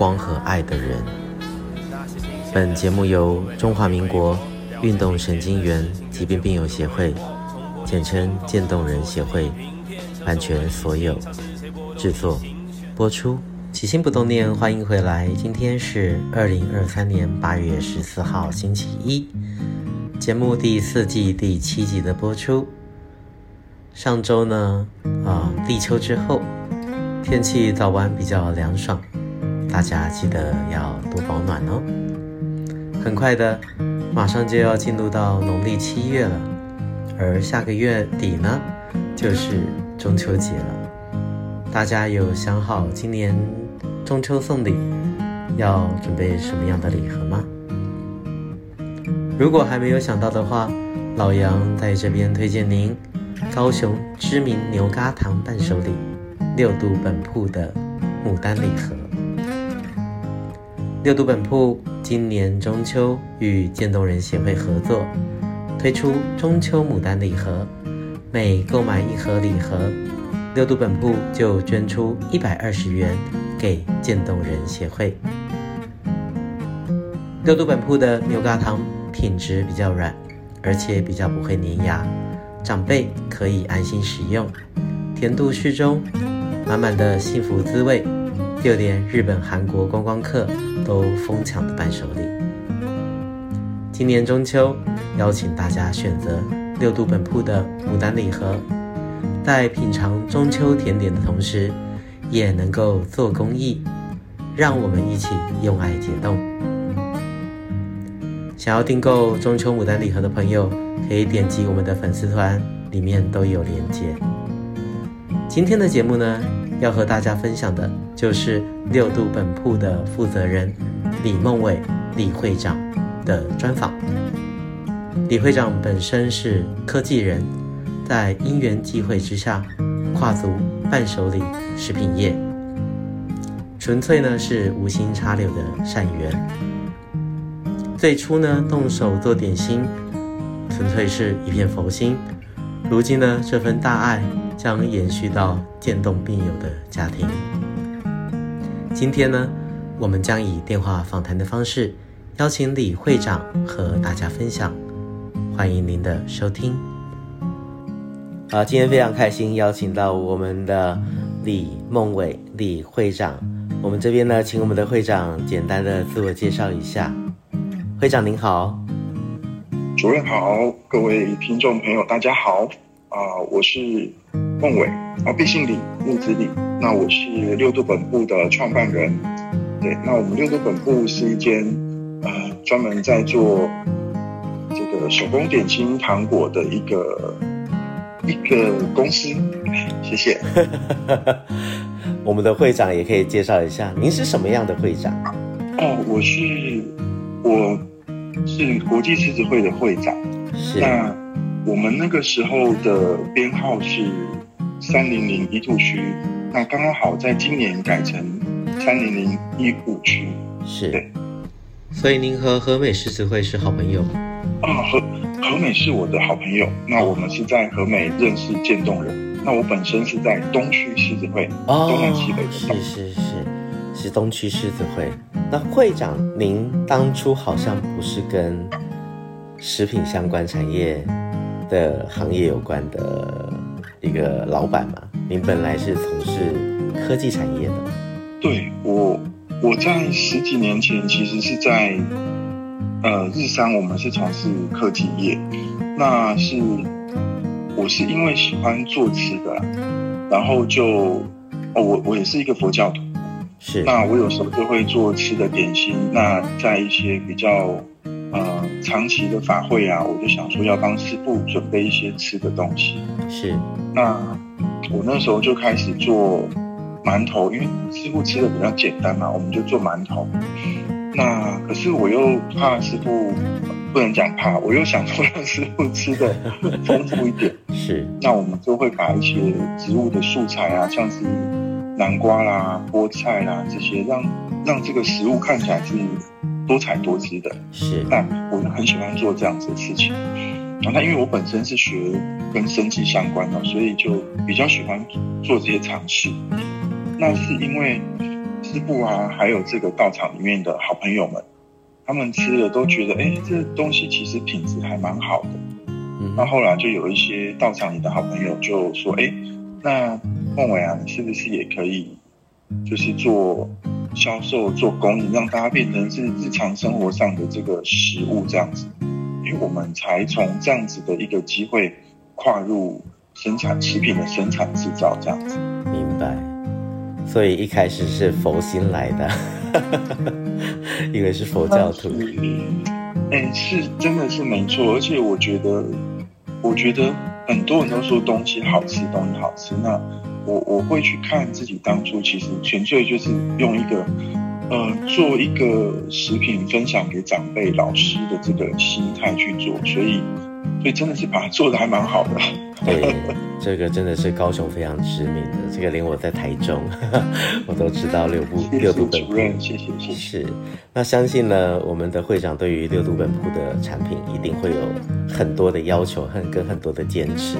光和愛的人。本節目由中華民國運動神經元疾病病友協會，簡稱漸凍人協會，版權所有，制作播出。起心不凍念，歡迎回來。今天是二零二三年八月十四號，星期一，節目第四季第七集的播出。上周呢，啊、呃，立秋之後，天氣早晚比較涼爽。大家記得要多保暖哦！很快的，馬上就要進入到農曆七月了，而下個月底呢，就是中秋節了。大家有想好今年中秋送禮要準備什麼樣的禮盒嗎？如果還沒有想到的話，老羊在這邊推薦您高雄知名牛軋糖伴手禮六度本鋪的牡丹禮盒。六度本鋪今年中秋與漸凍人協會合作，推出中秋牡丹禮盒。每購買一盒禮盒，六度本鋪就捐出一百二十元給漸凍人協會。六度本鋪的牛軋糖品質比較軟，而且比較不會粘牙，長輩可以安心食用，甜度適中，滿滿的幸福滋味。六點，就連日本、韓國觀光客都瘋搶的伴手禮。今年中秋，邀請大家選擇六度本鋪的牡丹禮盒，在品嘗中秋甜點的同時，也能夠做公益。讓我們一起用愛解凍。想要訂購中秋牡丹禮盒的朋友，可以點擊我們的粉絲團，裡面都有鏈接。今天的節目呢，要和大家分享的，就是六度本鋪的負責人李孟瑋李會長的專訪。李會長本身是科技人，在因緣際會之下，跨足伴手禮食品業，純粹呢是無心插柳的善緣。最初呢動手做點心，純粹是一片佛心。如今呢，這份大愛將延續到漸凍病友的家庭。今天呢，我們將以電話訪談的方式，邀請李會長和大家分享，歡迎您的收聽。好，今天非常開心邀請到我們的李孟瑋李會長。我們這邊呢，請我們的會長簡單的自我介紹一下。會長您好。主任好，各位聽眾朋友大家好啊、呃，我是孟瑋啊、呃，敝姓李，木子李。那我是六度本舖的創辦人，對，那我們六度本舖是一間呃專門在做這個手工點心糖果的一個一個公司。謝謝。 我們的會長也可以介紹一下，您是什麼樣的會長？呃、哦，我是我。是國際獅子會的會長，是。那我們那個時候的編號是三零零一六區，那剛剛好在今年改成三零零一五區。是，對所以您和和美獅子會是好朋友？啊、嗯，和和美是我的好朋友。那我們是在和美認識漸凍人，那我本身是在東區獅子會、哦、東南西北的東是，是是是。是東區獅子會，那會長，您當初好像不是跟食品相關產業的行業有關的一個老闆嗎？您本來是從事科技產業的。對，我我在十幾年前其實是在呃日商，我們是從事科技業，那是我是因為喜歡做吃的，然後就哦，我我也是一個佛教徒。是，那我有時候就會做吃的點心。那在一些比較，呃，長期的法會啊，我就想說要幫師父準備一些吃的東西。是，那我那時候就開始做饅頭，因為師父吃的比較簡單嘛，我們就做饅頭。那可是我又怕師父不能講怕，我又想說讓師父吃的豐富一點。是，那我們就會把一些植物的素材啊，像是。南瓜啦、菠菜啦這些，讓讓這個食物看起來是多彩多姿的。是的，但我就很喜歡做這樣子的事情。那因為我本身是學跟生技相關的，所以就比較喜歡做這些嘗試。那是因為師父啊，還有這個道場裡面的好朋友們，他們吃了都覺得，哎、欸，這個、東西其實品質還蠻好的。那後來就有一些道場裡的好朋友就說，哎、欸，那。孟瑋啊，你是不是也可以，就是做銷售、做供應，讓大家變成是日常生活上的這個食物這樣子？因為我們才從這樣子的一個機會跨入生產食品的生產製造這樣子。明白。所以一開始是佛心來的，以 為是佛教徒。哎、嗯，是真的是沒錯，而且我覺得，我覺得很多人都說東西好吃，東西好吃那。我我會去看自己當初其實純粹就是用一個，呃，做一個食品分享給長輩老師的這個心態去做，所以，所以真的是把它做得還蠻好的。 對，這個真的是高雄非常知名的，這個連我在台中， 我都知道六度六度本鋪。謝謝主任，謝謝謝謝。是，那相信呢，我們的會長對於六度本鋪的產品一定會有很多的要求，很跟很多的堅持。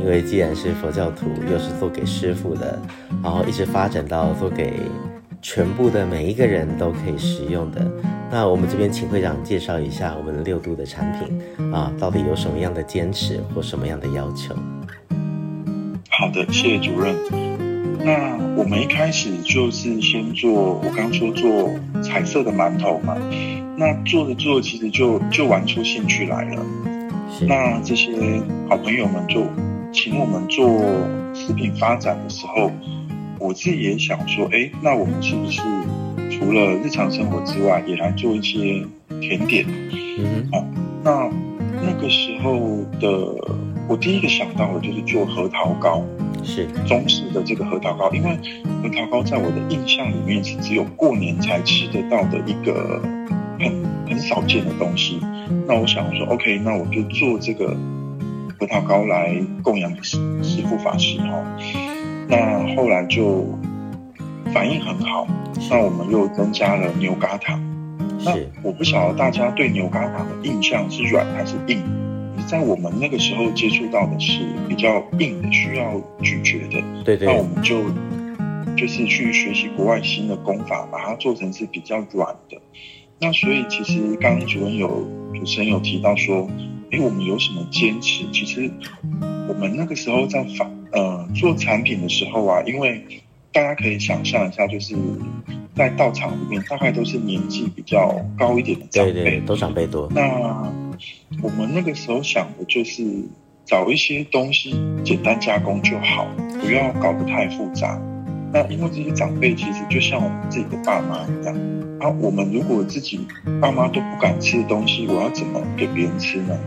因為既然是佛教徒，又是做給師傅的，然後一直發展到做給全部的每一個人都可以食用的，那我們這邊請會長介紹一下我們六度的產品啊，到底有什麼樣的堅持或什麼樣的要求？好的，謝謝主任。那我們一開始就是先做，我剛剛說做彩色的饅頭嘛，那做著做著，其實就就玩出興趣來了。是那這些好朋友們就。請我們做食品發展的時候，我自己也想說，哎、欸，那我們是不是除了日常生活之外，也來做一些甜點？嗯，好、啊，那那個時候的我第一個想到的，就是做核桃糕，是中式的這個核桃糕，因為核桃糕在我的印象裡面是只有過年才吃得到的一個很很少見的東西。那我想說，OK，那我就做這個。葡萄糕，來供養的師父法師哈、哦，那後來就反應很好，那我們又增加了牛軋糖。是那我不曉得大家對牛軋糖的印象是軟還是硬？在我們那個時候接觸到的是比較硬的，需要咀嚼的。對對。那我們就就是去學習國外新的功法，把它做成是比較軟的。那所以其實剛剛主持人有主持人有提到說，哎，我們有什麼堅持？其實，我們那個時候在反呃做產品的時候啊，因為大家可以想象一下，就是在道場裡面，大概都是年紀比較高一點的長輩，對對多長輩多。那我們那個時候想的就是找一些東西簡單加工就好，不要搞得太複雜。那因為這些長輩其實就像我們自己的爸媽一樣。啊，我們如果自己爸媽都不敢吃的東西，我要怎麼給別人吃呢？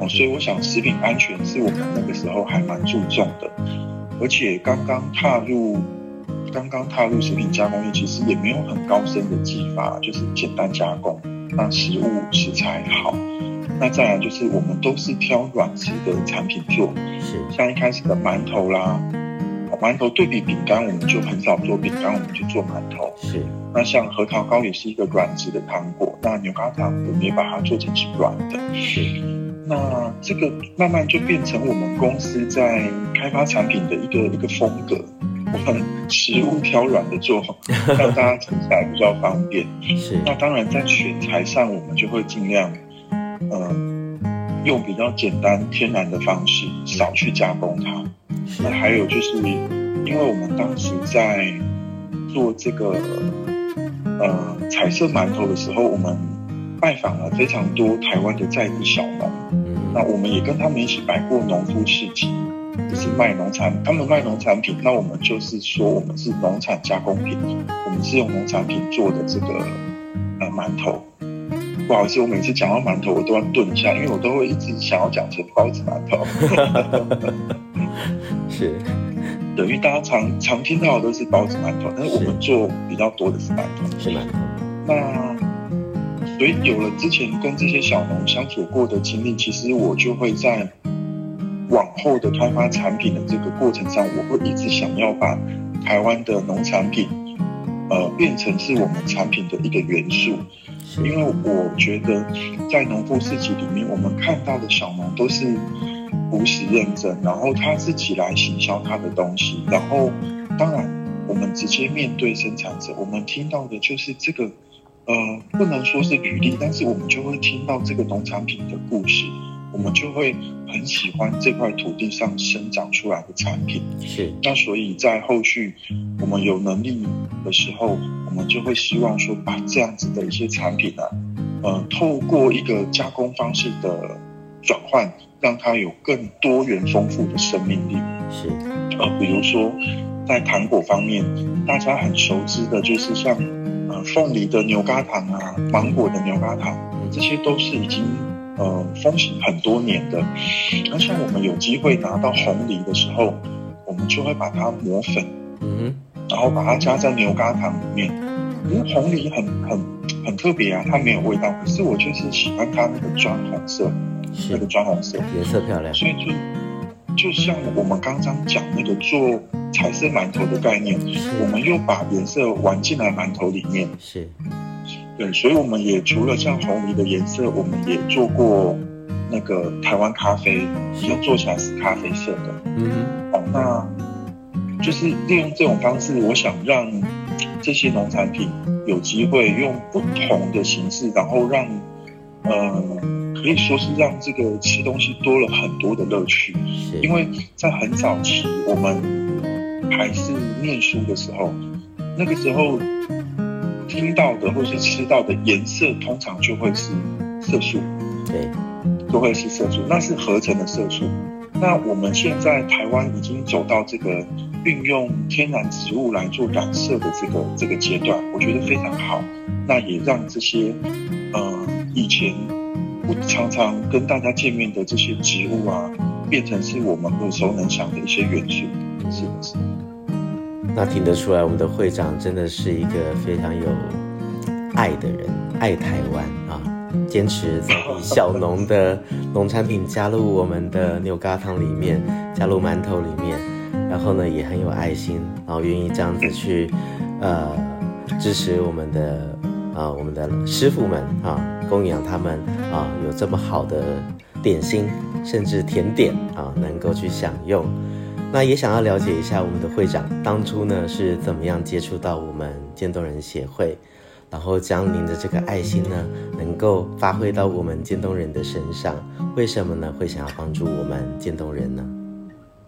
哦，所以我想食品安全是我們那個時候還蠻注重的，而且剛剛踏入，剛剛踏入食品加工業，其實也沒有很高深的技法，就是簡單加工，那、啊、食物食材好，那再來就是我們都是挑軟質的產品做，像一開始的饅頭啦。饅頭對比餅乾，我們就很少做餅乾，我們就做饅頭。是。那像核桃糕也是一個軟質的糖果，那牛軋糖我們也把它做成是軟的。是。那這個慢慢就變成我們公司在開發產品的一個一個風格，我們食物挑軟的做，嗯、讓大家吃起來比較方便。 是。那當然在選材上，我們就會盡量，嗯、用比較簡單天然的方式，少去加工它。那還有就是，因為我們當時在做這個呃彩色饅頭的時候，我們拜訪了非常多台灣的在地小農。那我們也跟他們一起擺過農夫市集，就是賣農產品。他們賣農產品，那我們就是說我們是農產加工品，我們是用農產品做的這個呃饅頭。不好意思，我每次講到饅頭，我都要頓一下，因為我都會一直想要講成包子饅頭。 是，等於大家常常聽到的都是包子、饅頭，但是我們做比較多的是饅頭，是饅頭。那所以有了之前跟這些小農相處過的經歷，其實我就會在往後的開發產品的這個過程上，我會一直想要把台灣的農產品，呃，變成是我們產品的一個元素，是因為我覺得在農夫市集裡面，我們看到的小農都是。如實認證，然後他自己來行銷他的東西，然後當然我們直接面對生產者，我們聽到的就是這個，呃，不能說是履歷，但是我們就會聽到這個農產品的故事，我們就會很喜歡這塊土地上生長出來的產品。是對，那所以在後續我們有能力的時候，我們就會希望說把這樣子的一些產品呢、啊，呃，透過一個加工方式的轉換。讓它有更多元豐富的生命力。是，呃，比如說，在糖果方面，大家很熟知的，就是像呃鳳梨的牛軋糖啊，芒果的牛軋糖，這些都是已經呃風行很多年的。那像我們有機會拿到紅梨的時候，我們就會把它磨粉，嗯，然後把它加在牛軋糖裡面。嗯、因為紅藜很很很特別啊，它沒有味道，可是我就是喜歡它那個磚紅色，是那個磚紅色顏色漂亮，所以就就像我們剛剛講那個做彩色饅頭的概念，是我們又把顏色玩進來饅頭裡面，是對，所以我們也除了像紅藜的顏色，我們也做過那個台灣咖啡，也是做起來是咖啡色的，嗯哼，好，那就是利用這種方式，我想讓。這些農產品有機會用不同的形式，然後讓，呃，可以說是讓這個吃東西多了很多的樂趣。是因為在很早期，我們還是念書的時候，那個時候聽到的或是吃到的顏色，通常就會是色素。對。就會是色素，那是合成的色素。那我們現在台灣已經走到這個運用天然植物來做染色的這個這個階段，我覺得非常好。那也讓這些，呃，以前我常常跟大家見面的這些植物啊，變成是我們耳熟能詳的一些元素，是不是？那聽得出來，我們的會長真的是一個非常有愛的人，愛台灣啊。堅持在小農的農產品加入我們的牛軋糖裡面，加入饅頭裡面，然後呢也很有愛心，然、哦、後願意這樣子去，呃，支持我們的啊，我們的師傅們啊，供養他們啊，有這麼好的點心，甚至甜點啊，能夠去享用。那也想要了解一下我們的會長當初呢是怎麼樣接觸到我們漸凍人協會。然後將您的這個愛心呢，能夠發揮到我們漸凍人的身上，為什麼呢？會想要幫助我們漸凍人呢？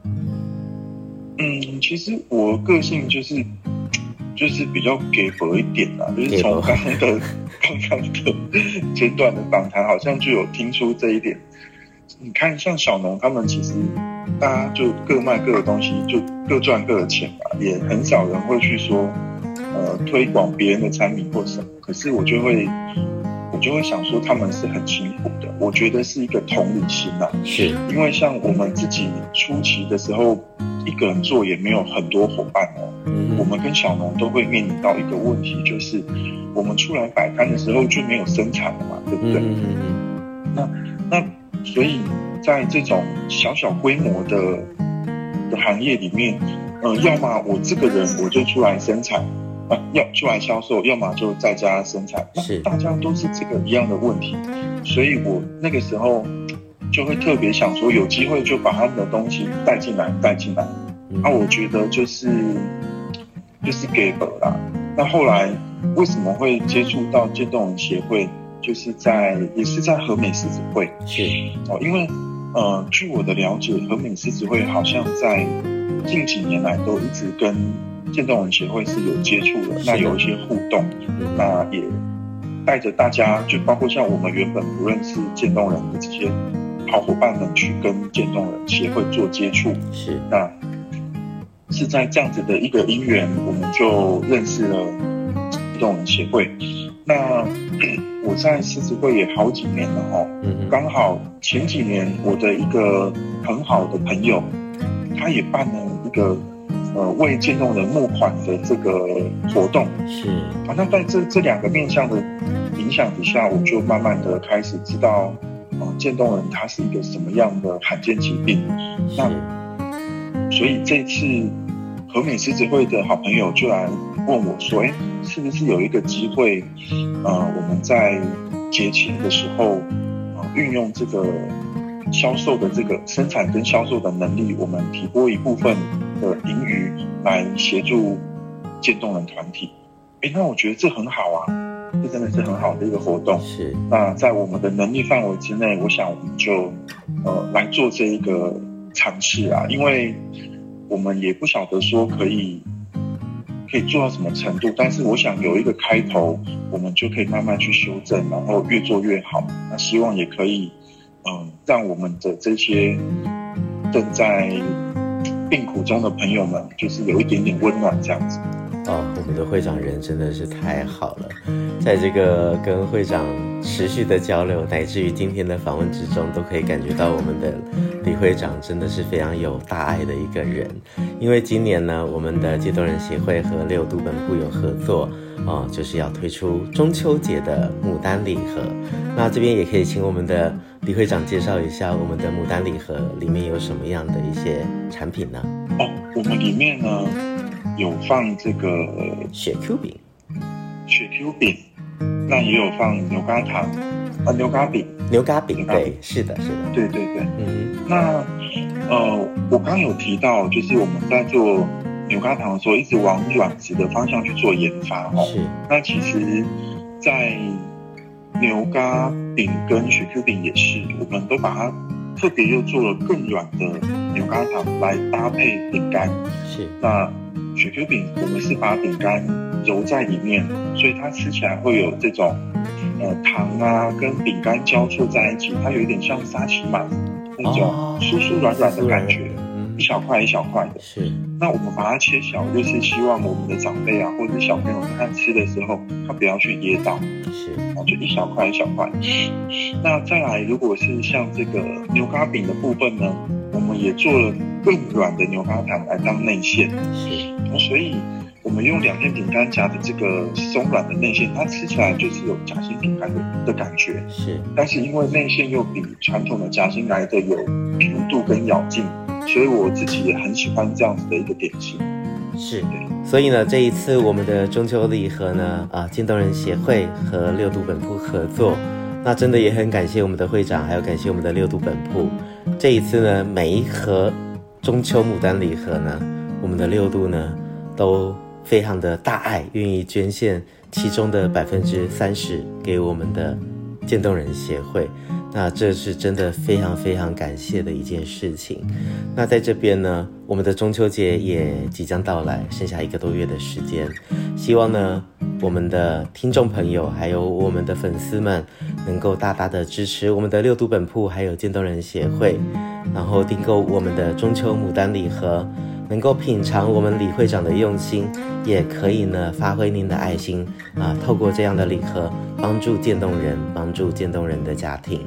嗯，其實我個性就是，就是比較給薄一點啦，就是從剛剛的 剛剛的簡短的訪談，好像就有聽出這一點。你看，像小農他們，其實大家就各賣各的東西，就各賺各的錢吧，也很少人會去說。呃，推廣別人的產品或什麼，可是我就會，我就會想說他們是很辛苦的，我覺得是一個同理心吶、啊。對，因為像我們自己初期的時候，一個人做也沒有很多夥伴哦、啊。嗯嗯，我們跟小農都會面臨到一個問題，就是我們出來擺攤的時候就沒有生產了嘛，對不對？嗯嗯，嗯那那所以，在這種小小規模的的行業裡面，嗯、呃，要麼我這個人我就出來生產。啊、要出來銷售，要麼就在家生產。那、啊、大家都是這個一樣的問題，所以我那個時候就會特別想說，有機會就把他們的東西帶進來，帶進來。那、啊、我覺得就是就是給本啦。那後來為什麼會接觸到漸凍人協會？就是在也是在和美獅子會。對哦是，因為呃，據我的了解，和美獅子會好像在近幾年來都一直跟。漸凍人協會是有接觸的，那有一些互動，的那也帶着大家，就包括像我們原本不認識漸凍人的這些好夥伴們，去跟漸凍人協會做接觸。是的，那是在這樣子的一個因緣，我們就認識了漸凍人協會。那我在獅子會也好幾年了哦，剛好前幾年我的一個很好的朋友，他也辦了一個。呃，為漸凍人募款的這個活動是，好、啊，那在這這兩個面向的影響之下，我就慢慢的開始知道，啊、呃，漸凍人他是一個什麼樣的罕見疾病，那，所以這次和美獅子會的好朋友就來問我說，哎、欸，是不是有一個機會，呃，我們在節慶的時候，啊、呃，運用這個銷售的這個生產跟銷售的能力，我們提供一部分。的盈餘來協助漸凍人團體，哎、欸，那我覺得這很好啊，這真的是很好的一個活動。是，那在我們的能力範圍之內，我想我們就，呃，來做這一個嘗試啊，因為我們也不曉得說可以可以做到什麼程度，但是我想有一個開頭，我們就可以慢慢去修正，然後越做越好。那希望也可以，嗯、呃，讓我們的這些正在病苦中的朋友們，就是有一點點溫暖這樣子。哦，我們的會長人真的是太好了，在這個跟會長持續的交流，乃至於今天的訪問之中，都可以感覺到我們的李會長真的是非常有大愛的一個人。因為今年呢，我們的漸凍人協會和六度本舖有合作，啊、哦，就是要推出中秋節的牡丹禮盒。那這邊也可以請我們的。李會長介紹一下我們的牡丹禮盒裡面有什麼樣的一些產品呢？哦，我們裡面呢有放這個雪 Q 餅，雪 Q 餅，那也有放牛軋糖，啊，牛軋餅，牛軋餅，牛軋餅，對，是的，是的，對對對，嗯，那呃，我剛有提到，就是我們在做牛軋糖的時候，一直往軟質的方向去做研發是哦，是，那其實，在牛軋。嗯餅跟雪 Q 餅也是，我們都把它特別又做了更軟的牛軋糖來搭配餅乾。是，那雪 Q 餅我們是把餅乾揉在裡面，所以它吃起來會有這種呃糖啊跟餅乾交錯在一起，它有一點像沙琪瑪那種酥酥軟軟的感覺。哦一小塊一小塊的是，那我們把它切小，就是希望我們的長輩啊，或者小朋友他吃的時候，他不要去噎到，是，就一小塊一小塊。是那再來，如果是像這個牛軋餅的部分呢，我們也做了更軟的牛軋糖來當內餡，是，那所以我們用兩片餅乾夾着這個鬆軟的內餡，它吃起來就是有夾心餅乾的的感覺，是，但是因為內餡又比傳統的夾心來的有硬度跟咬勁。所以我自己也很喜歡這樣子的一個點心，是對所以呢，這一次我們的中秋禮盒呢，啊，漸凍人協會和六度本鋪合作，那真的也很感謝我們的會長，還有感謝我們的六度本鋪。這一次呢，每一盒中秋牡丹禮盒呢，我們的六度呢都非常的大愛，願意捐獻其中的百分之三十給我們的漸凍人協會。那這是真的非常非常感謝的一件事情。那在這邊呢，我們的中秋節也即將到來，剩下一個多月的時間，希望呢我們的聽眾朋友還有我們的粉絲們能夠大大的支持我們的六度本鋪，還有漸凍人協會，然後訂購我們的中秋牡丹禮盒。能夠品嘗我們李會長的用心，也可以呢發揮您的愛心啊、呃，透過這樣的禮盒幫助漸凍人，幫助漸凍人的家庭。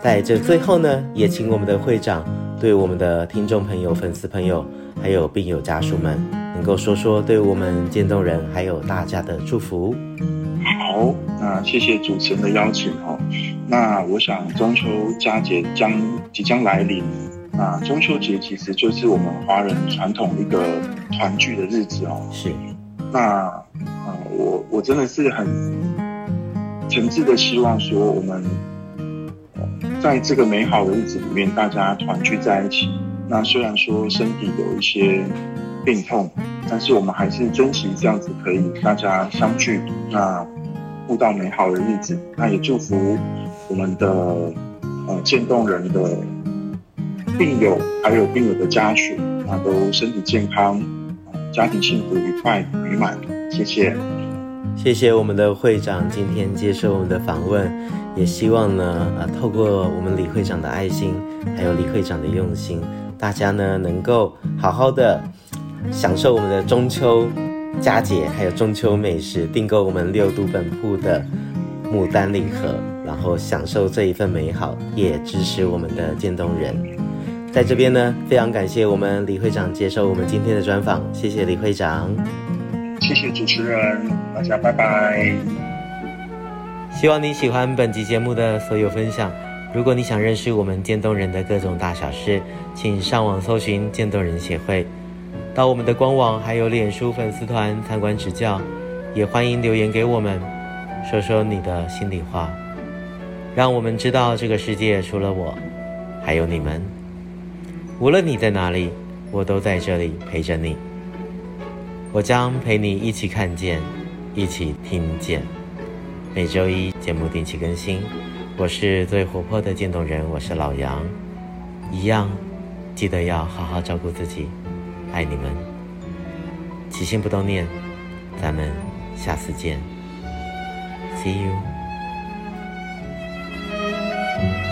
在這最後呢，也請我們的會長對我們的聽眾朋友、粉絲朋友，還有病友家屬們，能夠說說對我們漸凍人還有大家的祝福。好，那謝謝主持人的邀請哈。那我想中秋佳節將即將來臨。那、啊、中秋節其實就是我們華人傳統一個團聚的日子哦。是，那，嗯、呃，我我真的是很誠摯的希望說，我們在這個美好的日子裡面，大家團聚在一起。那雖然說身體有一些病痛，但是我們還是珍惜這樣子可以大家相聚，那互道美好的日子。那也祝福我們的呃漸凍人的。病友還有病友的家屬，那都身體健康，家庭幸福、愉快、美滿。謝謝，謝謝我們的會長今天接受我們的訪問，也希望呢，呃、啊，透過我們李會長的愛心還有李會長的用心，大家呢能夠好好的享受我們的中秋佳節，還有中秋美食，訂購我們六度本鋪的牡丹禮盒，然後享受這一份美好，也支持我們的漸凍人。在這邊呢，非常感謝我們李會長接受我們今天的專訪，謝謝李會長，謝謝主持人，大家拜拜。希望你喜歡本集節目的所有分享。如果你想認識我們漸凍人的各種大小事，請上網搜尋漸凍人協會，到我們的官網還有臉書粉絲團參觀指教，也歡迎留言給我們，說說你的心裡話，讓我們知道這個世界除了我，還有你們。無論你在哪裡，我都在這裡陪着你。我將陪你一起看見，一起聽見。每周一節目定期更新。我是最活潑的漸凍人，我是老楊。一樣，記得要好好照顧自己。愛你們，起心不凍念，咱們下次見。See you.